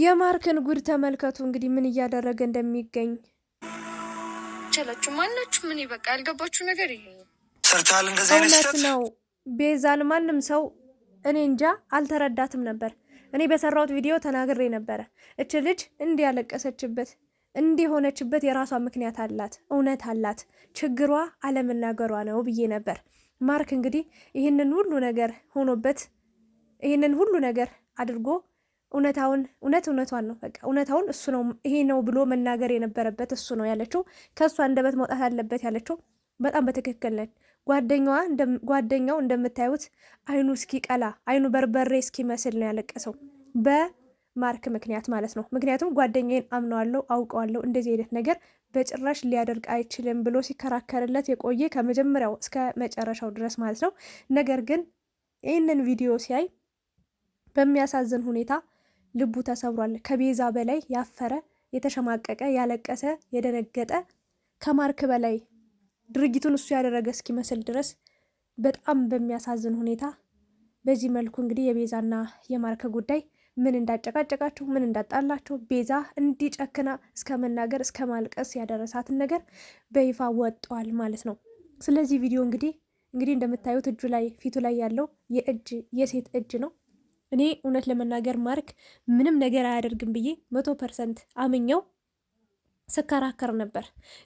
የማርክን ጉድ ተመልከቱ እንግዲህ ምን እያደረገ እንደሚገኝ ቻላችሁ ማናችሁ ምን ይበቃ ያልገባችሁ ነገር ይሄ ሰርታል እንደዚህ አይነት ነው ቤዛን ማንም ሰው እኔ እንጃ አልተረዳትም ነበር እኔ በሰራሁት ቪዲዮ ተናግሬ ነበረ እች ልጅ እንዲህ ያለቀሰችበት እንዲህ የሆነችበት የራሷ ምክንያት አላት እውነት አላት ችግሯ አለመናገሯ ነው ብዬ ነበር ማርክ እንግዲህ ይህንን ሁሉ ነገር ሆኖበት ይህንን ሁሉ ነገር አድርጎ እውነታውን እውነት እውነቷን ነው በቃ እውነታውን እሱ ነው ይሄ ነው ብሎ መናገር የነበረበት እሱ ነው ያለችው። ከእሱ አንደበት መውጣት አለበት ያለችው በጣም በትክክል ነች። ጓደኛዋ ጓደኛው እንደምታዩት አይኑ እስኪ ቀላ አይኑ በርበሬ እስኪመስል ነው ያለቀሰው በማርክ ምክንያት ማለት ነው። ምክንያቱም ጓደኛዬን አምነዋለሁ፣ አውቀዋለሁ እንደዚህ አይነት ነገር በጭራሽ ሊያደርግ አይችልም ብሎ ሲከራከርለት የቆየ ከመጀመሪያው እስከ መጨረሻው ድረስ ማለት ነው። ነገር ግን ይህንን ቪዲዮ ሲያይ በሚያሳዝን ሁኔታ ልቡ ተሰብሯል። ከቤዛ በላይ ያፈረ፣ የተሸማቀቀ፣ ያለቀሰ፣ የደነገጠ ከማርክ በላይ ድርጊቱን እሱ ያደረገ እስኪመስል ድረስ በጣም በሚያሳዝን ሁኔታ በዚህ መልኩ እንግዲህ የቤዛና የማርክ ጉዳይ ምን እንዳጨቃጨቃቸው ምን እንዳጣላቸው ቤዛ እንዲጨክና እስከ መናገር እስከ ማልቀስ ያደረሳትን ነገር በይፋ ወጥቷል ማለት ነው። ስለዚህ ቪዲዮ እንግዲህ እንግዲህ እንደምታዩት እጁ ላይ ፊቱ ላይ ያለው የእጅ የሴት እጅ ነው። እኔ እውነት ለመናገር ማርክ ምንም ነገር አያደርግም ብዬ መቶ ፐርሰንት አምኘው ስከራከር ነበር።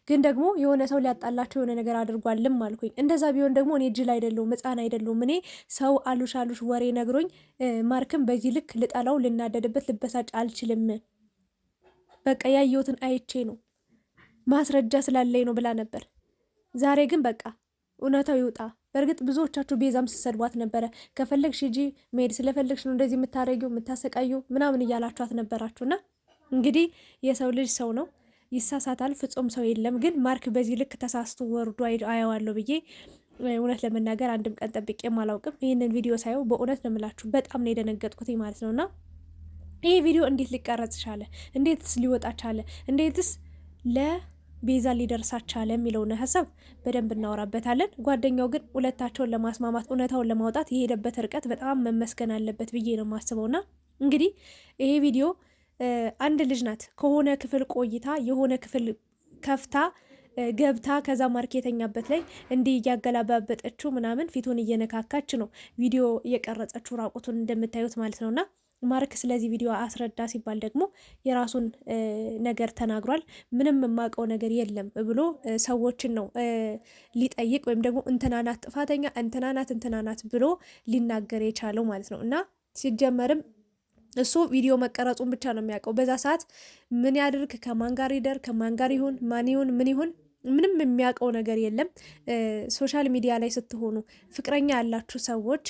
ግን ደግሞ የሆነ ሰው ሊያጣላቸው የሆነ ነገር አድርጓልም አልኩኝ። እንደዛ ቢሆን ደግሞ እኔ ጅል አይደለሁም፣ ሕፃን አይደለሁም። እኔ ሰው አሉሽ አሉሽ ወሬ ነግሮኝ ማርክም በዚህ ልክ ልጠላው፣ ልናደድበት፣ ልበሳጭ አልችልም። በቃ ያየሁትን አይቼ ነው ማስረጃ ስላለኝ ነው ብላ ነበር። ዛሬ ግን በቃ እውነታው ይውጣ። በእርግጥ ብዙዎቻችሁ ቤዛም ስሰድቧት ነበረ። ከፈለግሽ ሂጂ፣ መሄድ ስለፈለግሽ ነው እንደዚህ የምታደርጊው የምታሰቃየው ምናምን እያላችኋት ነበራችሁና እንግዲህ የሰው ልጅ ሰው ነው ይሳሳታል፣ ፍጹም ሰው የለም። ግን ማርክ በዚህ ልክ ተሳስቶ ወርዶ አየዋለሁ ብዬ እውነት ለመናገር አንድም ቀን ጠብቄም አላውቅም። ይህንን ቪዲዮ ሳየው በእውነት ነው የምላችሁ በጣም ነው የደነገጥኩት ማለት ነው። እና ይህ ቪዲዮ እንዴት ሊቀረጽ ቻለ? እንዴትስ ሊወጣ ቻለ? እንዴትስ ለ ቤዛ ሊደርሳቸው አለ የሚለውን ሀሳብ በደንብ እናወራበታለን። ጓደኛው ግን ሁለታቸውን ለማስማማት እውነታውን ለማውጣት የሄደበት ርቀት በጣም መመስገን አለበት ብዬ ነው ና። እንግዲህ ይሄ ቪዲዮ አንድ ልጅ ናት ከሆነ ክፍል ቆይታ የሆነ ክፍል ከፍታ ገብታ ከዛ ማርኬተኛበት ላይ እንዲህ እያገላባበጠችው ምናምን ፊቱን እየነካካች ነው ቪዲዮ እየቀረጸችው ራቁቱን እንደምታዩት ማለት ነውና ማርክ ስለዚህ ቪዲዮ አስረዳ ሲባል ደግሞ የራሱን ነገር ተናግሯል። ምንም የማውቀው ነገር የለም ብሎ ሰዎችን ነው ሊጠይቅ ወይም ደግሞ እንትናናት ጥፋተኛ እንትናናት እንትናናት ብሎ ሊናገር የቻለው ማለት ነው። እና ሲጀመርም እሱ ቪዲዮ መቀረጹን ብቻ ነው የሚያውቀው። በዛ ሰዓት ምን ያድርግ፣ ከማን ጋር ይደር፣ ከማን ጋር ይሁን፣ ማን ይሁን፣ ምን ይሁን ምንም የሚያውቀው ነገር የለም። ሶሻል ሚዲያ ላይ ስትሆኑ ፍቅረኛ ያላችሁ ሰዎች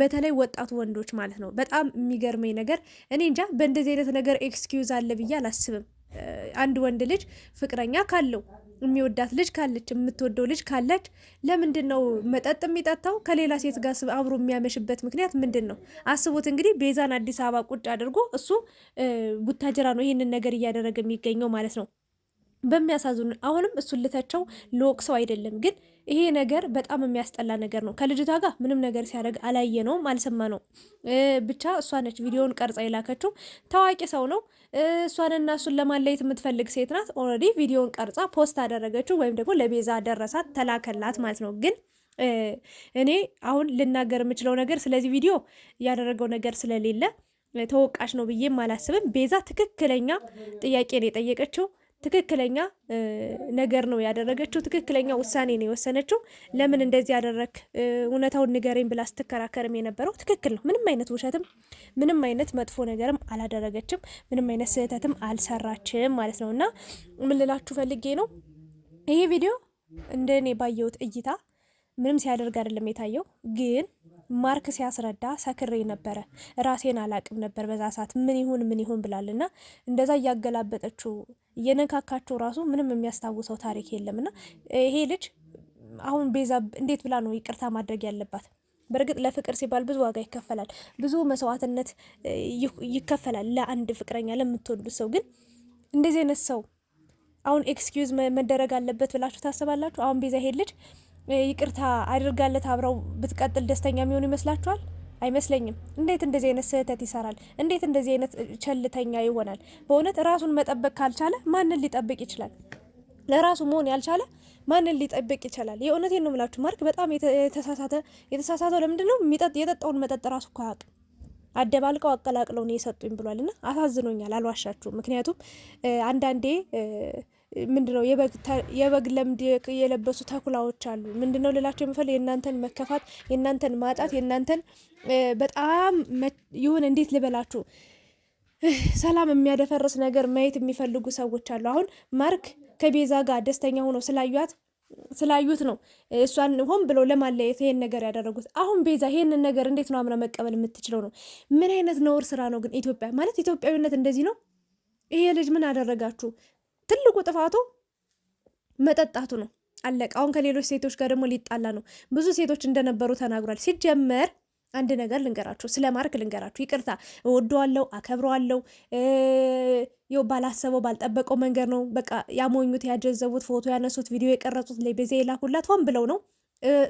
በተለይ ወጣቱ ወንዶች ማለት ነው። በጣም የሚገርመኝ ነገር እኔ እንጃ በእንደዚህ አይነት ነገር ኤክስኪዩዝ አለ ብዬ አላስብም። አንድ ወንድ ልጅ ፍቅረኛ ካለው የሚወዳት ልጅ ካለች የምትወደው ልጅ ካለች ለምንድን ነው መጠጥ የሚጠጣው? ከሌላ ሴት ጋር አብሮ የሚያመሽበት ምክንያት ምንድን ነው? አስቡት እንግዲህ ቤዛን አዲስ አበባ ቁጭ አድርጎ እሱ ቡታጀራ ነው ይህንን ነገር እያደረገ የሚገኘው ማለት ነው። በሚያሳዝኑ አሁንም እሱን ልተቸው ልወቅሰው አይደለም ግን ይሄ ነገር በጣም የሚያስጠላ ነገር ነው። ከልጅቷ ጋር ምንም ነገር ሲያደርግ አላየ ነው አልሰማ ነው። ብቻ እሷ ነች ቪዲዮን ቀርጻ የላከችው። ታዋቂ ሰው ነው። እሷንና እሱን ለማለየት የምትፈልግ ሴት ናት። ኦልሬዲ ቪዲዮን ቀርጻ ፖስት አደረገችው ወይም ደግሞ ለቤዛ ደረሳት፣ ተላከላት ማለት ነው ግን እኔ አሁን ልናገር የምችለው ነገር ስለዚህ ቪዲዮ ያደረገው ነገር ስለሌለ ተወቃሽ ነው ብዬም አላስብም። ቤዛ ትክክለኛ ጥያቄ ነው የጠየቀችው። ትክክለኛ ነገር ነው ያደረገችው። ትክክለኛ ውሳኔ ነው የወሰነችው። ለምን እንደዚህ ያደረግ እውነታውን ንገረኝ ብላ ስትከራከርም የነበረው ትክክል ነው። ምንም አይነት ውሸትም ምንም አይነት መጥፎ ነገርም አላደረገችም። ምንም አይነት ስህተትም አልሰራችም ማለት ነው። እና ምን ልላችሁ ፈልጌ ነው ይሄ ቪዲዮ እንደ እኔ ባየሁት እይታ ምንም ሲያደርግ አይደለም የታየው። ግን ማርክ ሲያስረዳ ሰክሬ ነበረ፣ ራሴን አላቅም ነበር በዛ ሰዓት ምን ይሁን ምን ይሁን ብላልና እንደዛ እያገላበጠችው የነካካቸው ራሱ ምንም የሚያስታውሰው ታሪክ የለም እና ይሄ ልጅ አሁን ቤዛ እንዴት ብላ ነው ይቅርታ ማድረግ ያለባት? በእርግጥ ለፍቅር ሲባል ብዙ ዋጋ ይከፈላል፣ ብዙ መስዋዕትነት ይከፈላል ለአንድ ፍቅረኛ ለምትወዱት ሰው። ግን እንደዚህ አይነት ሰው አሁን ኤክስኪዩዝ መደረግ አለበት ብላችሁ ታስባላችሁ? አሁን ቤዛ ይሄ ልጅ ይቅርታ አድርጋለት አብረው ብትቀጥል ደስተኛ የሚሆን ይመስላችኋል? አይመስለኝም። እንዴት እንደዚህ አይነት ስህተት ይሰራል? እንዴት እንደዚህ አይነት ቸልተኛ ይሆናል? በእውነት ራሱን መጠበቅ ካልቻለ ማንን ሊጠብቅ ይችላል? ለራሱ መሆን ያልቻለ ማንን ሊጠብቅ ይችላል? የእውነቴን ነው የምላችሁ። ማርክ በጣም የተሳሳተ የተሳሳተው ለምንድን ነው የጠጣውን መጠጥ ራሱ እኮ አያውቅም። አደባልቀው አቀላቅለው ነው የሰጡኝ ብሏል። እና አሳዝኖኛል፣ አልዋሻችሁም። ምክንያቱም አንዳንዴ ምንድነው የበግ ለምድ የለበሱ ተኩላዎች አሉ። ምንድነው ልላቸው የምፈል የእናንተን መከፋት፣ የእናንተን ማጣት፣ የእናንተን በጣም ይሁን እንዴት ልበላችሁ ሰላም የሚያደፈርስ ነገር ማየት የሚፈልጉ ሰዎች አሉ። አሁን ማርክ ከቤዛ ጋር ደስተኛ ሆኖ ስላዩት ስላዩት ነው እሷን ሆን ብሎ ለማለየት ይሄን ነገር ያደረጉት። አሁን ቤዛ ይሄንን ነገር እንዴት ነው አምና መቀበል የምትችለው? ነው ምን አይነት ነውር ስራ ነው ግን ኢትዮጵያ ማለት ኢትዮጵያዊነት እንደዚህ ነው? ይሄ ልጅ ምን አደረጋችሁ? ትልቁ ጥፋቱ መጠጣቱ ነው። አለቅ አሁን ከሌሎች ሴቶች ጋር ደግሞ ሊጣላ ነው። ብዙ ሴቶች እንደነበሩ ተናግሯል። ሲጀመር አንድ ነገር ልንገራችሁ፣ ስለ ማርክ ልንገራችሁ። ይቅርታ እወደዋለሁ፣ አከብረዋለሁ። ይኸው ባላሰበው ባልጠበቀው መንገድ ነው በቃ ያሞኙት፣ ያጀዘቡት፣ ፎቶ ያነሱት፣ ቪዲዮ የቀረጹት፣ ለቤዛ የላኩላት ሆን ብለው ነው።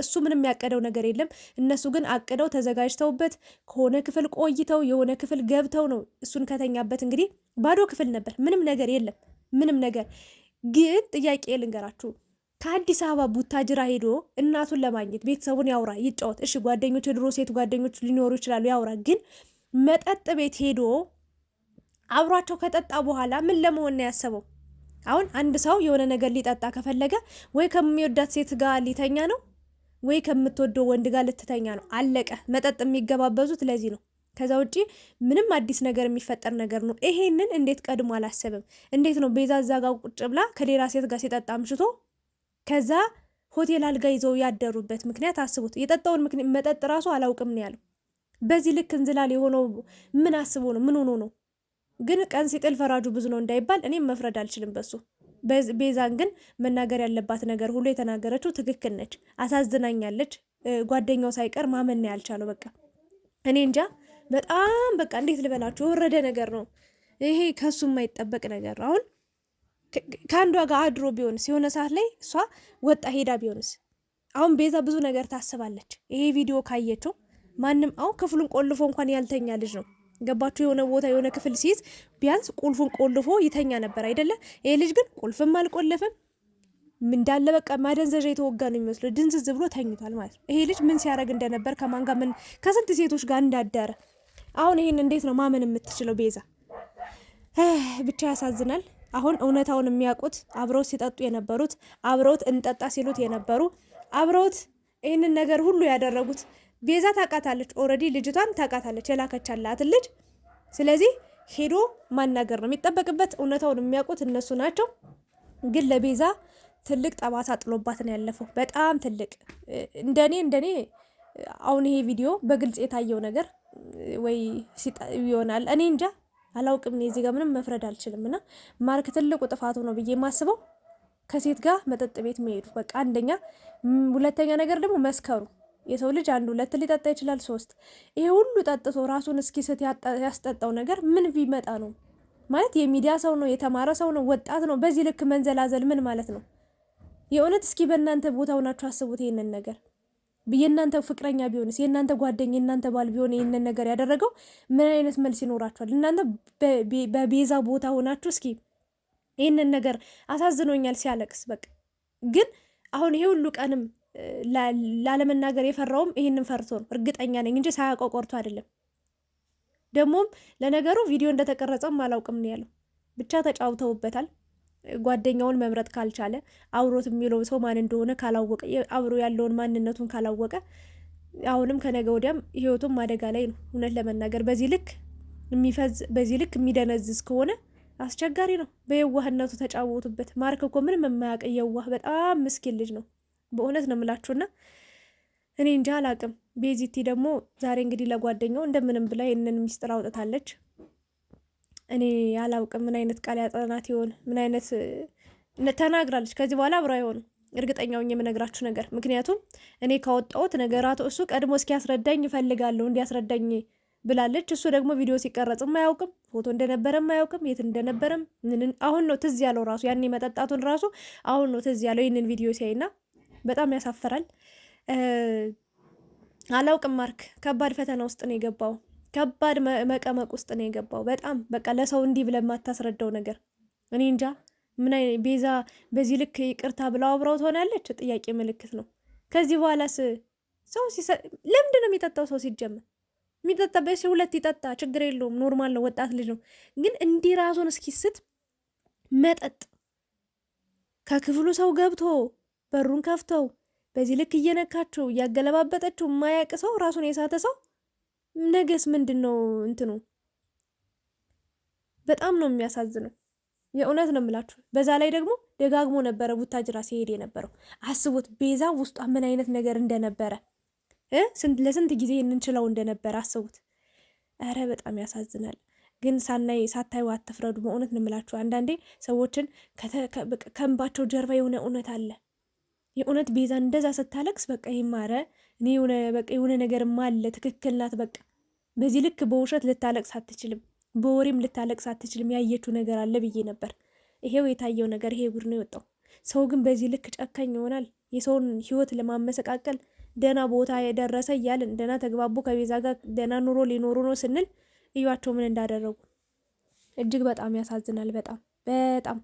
እሱ ምንም ያቀደው ነገር የለም። እነሱ ግን አቅደው ተዘጋጅተውበት ከሆነ ክፍል ቆይተው የሆነ ክፍል ገብተው ነው እሱን ከተኛበት እንግዲህ ባዶ ክፍል ነበር፣ ምንም ነገር የለም። ምንም ነገር ግን ጥያቄ ልንገራችሁ ከአዲስ አበባ ቡታጅራ ሄዶ እናቱን ለማግኘት ቤተሰቡን ያውራ፣ ይጫወት። እሺ ጓደኞች፣ የድሮ ሴት ጓደኞች ሊኖሩ ይችላሉ፣ ያውራ። ግን መጠጥ ቤት ሄዶ አብሯቸው ከጠጣ በኋላ ምን ለመሆን ነው ያሰበው? አሁን አንድ ሰው የሆነ ነገር ሊጠጣ ከፈለገ ወይ ከሚወዳት ሴት ጋር ሊተኛ ነው ወይ ከምትወደው ወንድ ጋር ልትተኛ ነው። አለቀ። መጠጥ የሚገባበዙት ለዚህ ነው። ከዛ ውጪ ምንም አዲስ ነገር የሚፈጠር ነገር ነው። ይሄንን እንዴት ቀድሞ አላሰብም? እንዴት ነው ቤዛ እዛ ጋ ቁጭ ብላ ከሌላ ሴት ጋር ሲጠጣ አምሽቶ ከዛ ሆቴል አልጋ ይዘው ያደሩበት ምክንያት አስቡት። የጠጣውን መጠጥ ራሱ አላውቅም ነው ያለው። በዚህ ልክ እንዝላል የሆነው ምን አስቦ ነው? ምን ሆኖ ነው? ግን ቀን ሲጥል ፈራጁ ብዙ ነው እንዳይባል እኔም መፍረድ አልችልም በሱ። ቤዛን ግን መናገር ያለባት ነገር ሁሉ የተናገረችው ትክክል ነች። አሳዝናኛለች። ጓደኛው ሳይቀር ማመን ያልቻለው። በቃ እኔ እንጃ በጣም በቃ እንዴት ልበላችሁ የወረደ ነገር ነው ይሄ። ከሱ የማይጠበቅ ነገር ነው። አሁን ከአንዷ ጋር አድሮ ቢሆንስ የሆነ ሰዓት ላይ እሷ ወጣ ሄዳ ቢሆንስ? አሁን ቤዛ ብዙ ነገር ታስባለች። ይሄ ቪዲዮ ካየችው ማንም አሁን ክፍሉን ቆልፎ እንኳን ያልተኛ ልጅ ነው ገባችሁ? የሆነ ቦታ የሆነ ክፍል ሲይዝ ቢያንስ ቁልፉን ቆልፎ ይተኛ ነበር አይደለም? ይሄ ልጅ ግን ቁልፍም አልቆለፍም? እንዳለ በቃ ማደንዘዣ የተወጋ ነው የሚመስለው። ድንዝዝ ብሎ ተኝቷል ማለት ነው። ይሄ ልጅ ምን ሲያደርግ እንደነበር ከማን ጋር ምን ከስንት ሴቶች ጋር እንዳደረ አሁን ይሄን እንዴት ነው ማመን የምትችለው ቤዛ? ብቻ ያሳዝናል። አሁን እውነታውን የሚያውቁት አብረውት ሲጠጡ የነበሩት አብረውት እንጠጣ ሲሉት የነበሩ አብረውት ይህንን ነገር ሁሉ ያደረጉት ቤዛ ታውቃታለች። ኦልሬዲ ልጅቷን ታውቃታለች፣ የላከቻላትን ልጅ። ስለዚህ ሄዶ ማናገር ነው የሚጠበቅበት። እውነታውን የሚያውቁት እነሱ ናቸው። ግን ለቤዛ ትልቅ ጠባሳ ጥሎባት ነው ያለፈው። በጣም ትልቅ እንደኔ እንደኔ አሁን ይሄ ቪዲዮ በግልጽ የታየው ነገር ወይ ሲጣ ይሆናል። እኔ እንጃ አላውቅም። እዚህ ጋር ምንም መፍረድ አልችልም። እና ማርክ ትልቁ ጥፋቱ ነው ብዬ የማስበው ከሴት ጋር መጠጥ ቤት መሄዱ በቃ አንደኛ። ሁለተኛ ነገር ደግሞ መስከሩ። የሰው ልጅ አንድ ሁለት ሊጠጣ ይችላል፣ ሶስት። ይሄ ሁሉ ጠጥቶ ራሱን እስኪስት ያስጠጣው ነገር ምን ቢመጣ ነው ማለት? የሚዲያ ሰው ነው፣ የተማረ ሰው ነው፣ ወጣት ነው። በዚህ ልክ መንዘላዘል ምን ማለት ነው? የእውነት እስኪ በእናንተ ቦታ ሆናችሁ አስቡት ይሄንን ነገር። የእናንተ ፍቅረኛ ቢሆንስ የእናንተ ጓደኛ የእናንተ ባል ቢሆን ይህንን ነገር ያደረገው ምን አይነት መልስ ይኖራችኋል? እናንተ በቤዛ ቦታ ሆናችሁ እስኪ ይህንን ነገር አሳዝኖኛል ሲያለቅስ በቃ ግን አሁን ይሄ ሁሉ ቀንም ላለመናገር የፈራውም ይህንን ፈርቶ ነው። እርግጠኛ ነኝ እንጂ ሳያውቀው ቆርቶ አይደለም። ደግሞም ለነገሩ ቪዲዮ እንደተቀረጸም አላውቅም ነው ያለው። ብቻ ተጫውተውበታል። ጓደኛውን መምረጥ ካልቻለ አብሮት የሚለው ሰው ማን እንደሆነ ካላወቀ አብሮ ያለውን ማንነቱን ካላወቀ አሁንም ከነገ ወዲያም ህይወቱም አደጋ ላይ ነው። እውነት ለመናገር በዚህ ልክ የሚፈዝ በዚህ ልክ የሚደነዝዝ ከሆነ አስቸጋሪ ነው። በየዋህነቱ ተጫወቱበት። ማርክ እኮ ምንም የማያውቅ የዋህ በጣም ምስኪን ልጅ ነው። በእውነት ነው የምላችሁና እኔ እንጃ አላቅም። ቤዚቲ ደግሞ ዛሬ እንግዲህ ለጓደኛው እንደምንም ብላ ይህንን ሚስጥር አውጥታለች። እኔ አላውቅም ምን አይነት ቃል ያጠናት ይሆን ምን አይነት ተናግራለች። ከዚህ በኋላ አብሮ አይሆኑ እርግጠኛው የምነግራችሁ ነገር ምክንያቱም እኔ ካወጣሁት ነገራት እሱ ቀድሞ እስኪያስረዳኝ እፈልጋለሁ እንዲያስረዳኝ ብላለች። እሱ ደግሞ ቪዲዮ ሲቀረጽም አያውቅም፣ ፎቶ እንደነበረም አያውቅም፣ የት እንደነበረም አሁን ነው ትዝ ያለው ራሱ ያኔ መጠጣቱን ራሱ አሁን ነው ትዝ ያለው ይህንን ቪዲዮ ሲያይና፣ በጣም ያሳፈራል። አላውቅም ማርክ፣ ከባድ ፈተና ውስጥ ነው የገባው። ከባድ መቀመቅ ውስጥ ነው የገባው። በጣም በቃ ለሰው እንዲህ ብለህ የማታስረዳው ነገር እኔ እንጃ። ምን ቤዛ በዚህ ልክ ይቅርታ ብለው አብረው ትሆናለች? ጥያቄ ምልክት ነው። ከዚህ በኋላስ ሰው ለምንድን ነው የሚጠጣው? ሰው ሲጀመር የሚጠጣበት ሁለት ይጠጣ፣ ችግር የለውም ኖርማል ነው፣ ወጣት ልጅ ነው። ግን እንዲህ ራሱን እስኪስት መጠጥ ከክፍሉ ሰው ገብቶ በሩን ከፍተው በዚህ ልክ እየነካችው እያገለባበጠችው የማያቅ ሰው ራሱን የሳተ ሰው ነገስ ምንድን ነው እንትኑ? በጣም ነው የሚያሳዝነው። የእውነት ነው የምላችሁ። በዛ ላይ ደግሞ ደጋግሞ ነበረ ቡታጅራ ሲሄድ የነበረው። አስቡት ቤዛ ውስጧ ምን አይነት ነገር እንደነበረ ለስንት ጊዜ እንችለው እንደነበረ አስቡት። እረ በጣም ያሳዝናል። ግን ሳናይ ሳታዩ አትፍረዱ። በእውነት ነው የምላችሁ። አንዳንዴ ሰዎችን ከእንባቸው ጀርባ የሆነ እውነት አለ። የእውነት ቤዛ እንደዛ ስታለቅስ በቃ ይማረ እኔ የሆነ በቃ የሆነ ነገር ማለ ትክክል ናት በቃ በዚህ ልክ በውሸት ልታለቅስ አትችልም፣ በወሬም ልታለቅስ አትችልም። ያየችው ነገር አለ ብዬ ነበር። ይሄው የታየው ነገር ይሄ ጉድ ነው የወጣው። ሰው ግን በዚህ ልክ ጨካኝ ይሆናል? የሰውን ህይወት ለማመሰቃቀል ደህና ቦታ የደረሰ እያልን ደህና ተግባቦ ከቤዛ ጋር ደህና ኑሮ ሊኖሩ ነው ስንል እዩዋቸው ምን እንዳደረጉ። እጅግ በጣም ያሳዝናል። በጣም በጣም